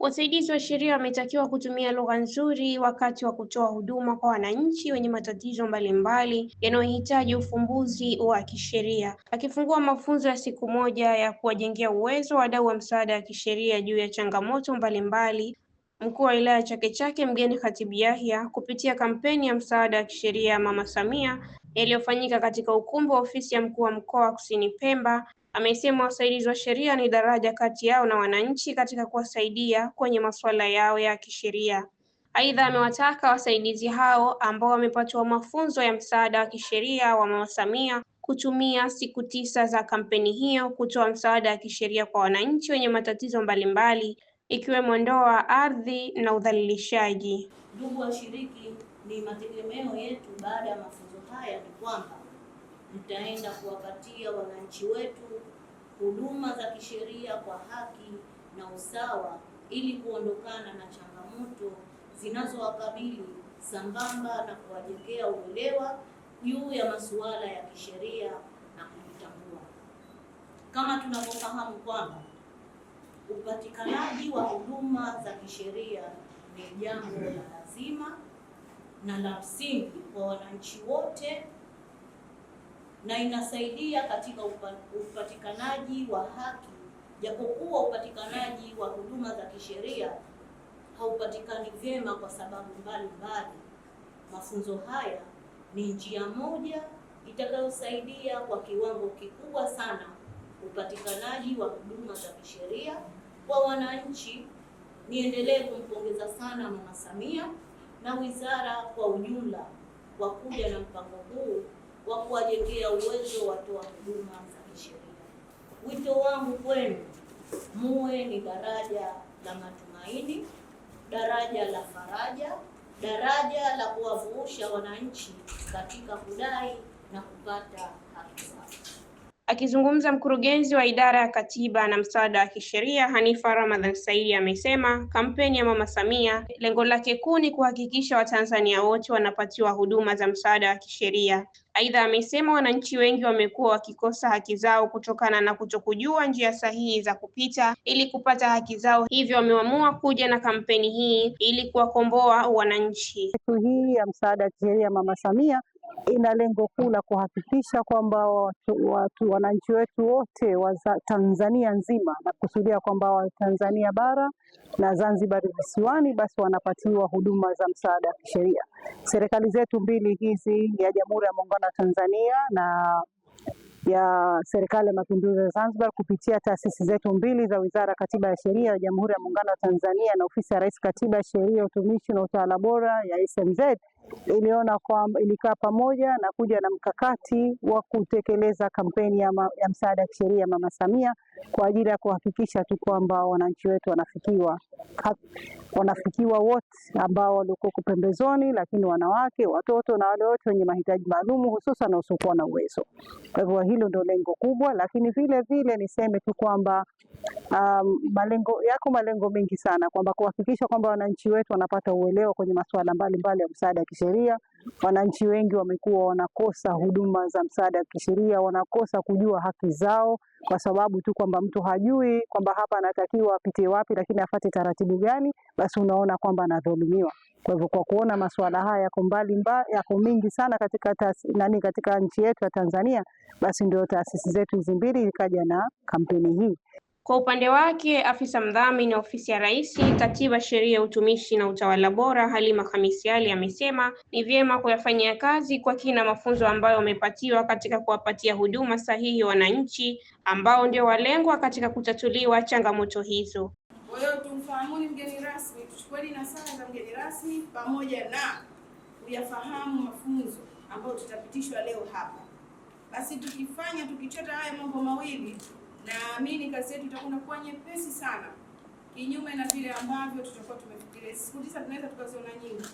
Wasaidizi wa sheria wametakiwa kutumia lugha nzuri wakati wa kutoa huduma kwa wananchi wenye matatizo mbalimbali yanayohitaji ufumbuzi wa kisheria. Akifungua mafunzo ya siku moja ya kuwajengea uwezo wadau wa msaada wa kisheria juu ya changamoto mbalimbali, Mkuu wa Wilaya Chake Chake Mgeni khatibi Yahya kupitia kampeni ya msaada wa kisheria Mama Samia iliyofanyika katika ukumbi wa ofisi ya Mkuu wa Mkoa wa Kusini Pemba Amesema wasaidizi wa sheria ni daraja kati yao na wananchi katika kuwasaidia kwenye masuala yao ya kisheria. Aidha, amewataka wasaidizi hao ambao wamepatiwa mafunzo ya msaada wa kisheria wa Mama Samia kutumia siku tisa za kampeni hiyo kutoa msaada wa kisheria kwa wananchi wenye matatizo mbalimbali ikiwemo ndoa, ardhi na udhalilishaji. Ndugu washiriki, ni mategemeo yetu baada ya mafunzo haya ni kwamba mtaenda kuwapatia wananchi wetu huduma za kisheria kwa haki na usawa ili kuondokana na changamoto zinazowakabili sambamba na kuwajengea uelewa juu ya masuala ya kisheria na kujitambua. Kama tunavyofahamu kwamba upatikanaji wa huduma za kisheria ni jambo la lazima na la msingi kwa wananchi wote na inasaidia katika upatikanaji wa haki, japokuwa upatikanaji wa huduma za kisheria haupatikani vyema kwa sababu mbalimbali. Mafunzo haya ni njia moja itakayosaidia kwa kiwango kikubwa sana upatikanaji wa huduma za kisheria kwa wananchi. Niendelee kumpongeza sana Mama Samia na wizara kwa ujumla kwa kuja na mpango huu kuwajengea uwezo watoa huduma za kisheria. Wito wangu kwenu, muwe ni daraja la matumaini, daraja la faraja, daraja la kuwavuusha wananchi katika kudai na kupata haki zao. Akizungumza mkurugenzi wa idara ya katiba na msaada wa kisheria Hanifa Ramadhan Saidi amesema kampeni ya Mama Samia lengo lake kuu ni kuhakikisha Watanzania wote wanapatiwa huduma za msaada wa kisheria. Aidha, amesema wananchi wengi wamekuwa wakikosa haki zao kutokana na kutokujua njia sahihi za kupita ili kupata haki zao, hivyo wameamua kuja na kampeni hii ili kuwakomboa wananchi. Siku hii ya msaada wa kisheria Mama Samia ina lengo kuu la kuhakikisha kwamba watu wananchi wetu wote wa Tanzania nzima, na kusudia kwamba wa Tanzania bara na Zanzibar visiwani, basi wanapatiwa huduma za msaada wa kisheria. Serikali zetu mbili hizi ya Jamhuri ya Muungano wa Tanzania na ya Serikali ya Mapinduzi ya Zanzibar kupitia taasisi zetu mbili za Wizara ya Katiba ya Sheria ya Jamhuri ya Muungano wa Tanzania na Ofisi ya Rais Katiba ya Sheria, Utumishi na Utawala Bora ya SMZ iliona kwamba ilikaa pamoja na kuja na mkakati wa kutekeleza kampeni ya, ma, ya msaada ya kisheria Mama Samia kwa ajili ya kuhakikisha tu kwamba wananchi wetu wanafikiwa wanafikiwa wote ambao walikuwa pembezoni, lakini wanawake, watoto na wale wote wenye mahitaji maalum hususan wasiokuwa na uwezo. Kwa hivyo hilo ndio lengo kubwa, lakini vile vile niseme tu kwamba um, malengo yako malengo mengi sana, kwamba kuhakikisha kwamba wananchi wetu wanapata uelewa kwenye masuala mbalimbali ya msaada wa kisheria. Wananchi wengi wamekuwa wanakosa huduma za msaada wa kisheria, wanakosa kujua haki zao kwa sababu tu kwamba mtu hajui kwamba hapa anatakiwa apite wapi, lakini afate taratibu gani, basi unaona kwamba anadhulumiwa. Kwa hivyo kwa kuona masuala haya yako mbali mba, yako mingi sana katika tas, nani katika nchi yetu ya Tanzania, basi ndio taasisi zetu hizi mbili ikaja na kampeni hii. Kwa upande wake afisa mdhamini ofisi ya Rais, Katiba, Sheria, Utumishi na Utawala Bora, Halima Khamisi Ali amesema ni vyema kuyafanyia kazi kwa kina mafunzo ambayo wamepatiwa katika kuwapatia huduma sahihi wananchi ambao ndio walengwa katika kutatuliwa changamoto hizo. Kwa hiyo tumfahamuni mgeni rasmi, tuchukueni nasaha za mgeni rasmi pamoja na kuyafahamu mafunzo ambayo tutapitishwa leo hapa. Basi tukifanya tukichota haya mambo mawili naamini kazi yetu itakuwa inakuwa nyepesi sana, kinyume na vile ambavyo tutakuwa tumefikiria. Siku tisa tunaweza tukaziona nyingi,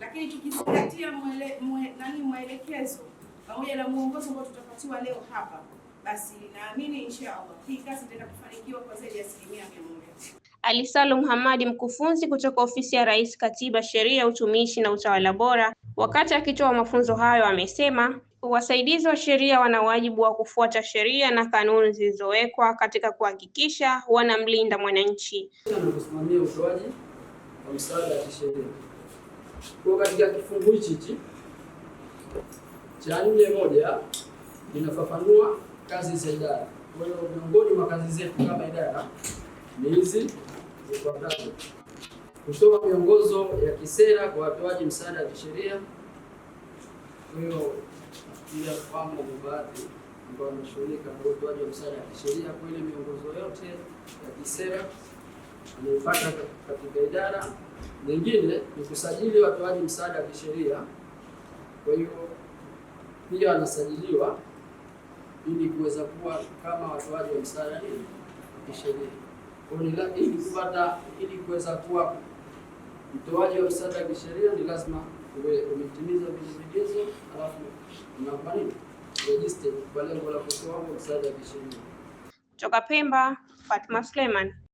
lakini tukizingatia mwele, nani mwelekezo pamoja na mwongozo ambao tutapatiwa leo hapa, basi naamini inshaallah hii kazi itaenda kufanikiwa kwa zaidi ya asilimia mia moja. Ali Salum Hamadi, mkufunzi kutoka ofisi ya Rais, Katiba, Sheria, Utumishi na Utawala Bora, wakati akitoa mafunzo hayo amesema Wasaidizi wa sheria wana wajibu wa kufuata sheria na kanuni zilizowekwa katika kuhakikisha wanamlinda mwananchi na kusimamia utoaji wa msaada wa kisheria. Kwa katika kifungu hichi hichi cha nne moja inafafanua kazi za idara. Kwa hiyo miongoni mwa kazi zetu kama idara ni hizi zifuatazo: kutoa miongozo ya kisera kwa watoaji msaada wa kisheria. Kwa hiyo juu ya kufahamu baadhi ambao wanashughulika utoaji wa msaada wa kisheria kwa ile miongozo yote ya kisera anayopata katika idara nyingine ni kusajili watoaji msaada wa kisheria. Kwa hiyo pia wanasajiliwa ili kuweza kuwa kama watoaji wa msaada wa kisheria ili kupata ili kuweza kuwa mtoaji wa msaada wa kisheria ni lazima umetimiza vigezo, alafu unafanini register kwa lengo la kutoa msaada wa kisheria. Kutoka Pemba, Fatma Suleiman.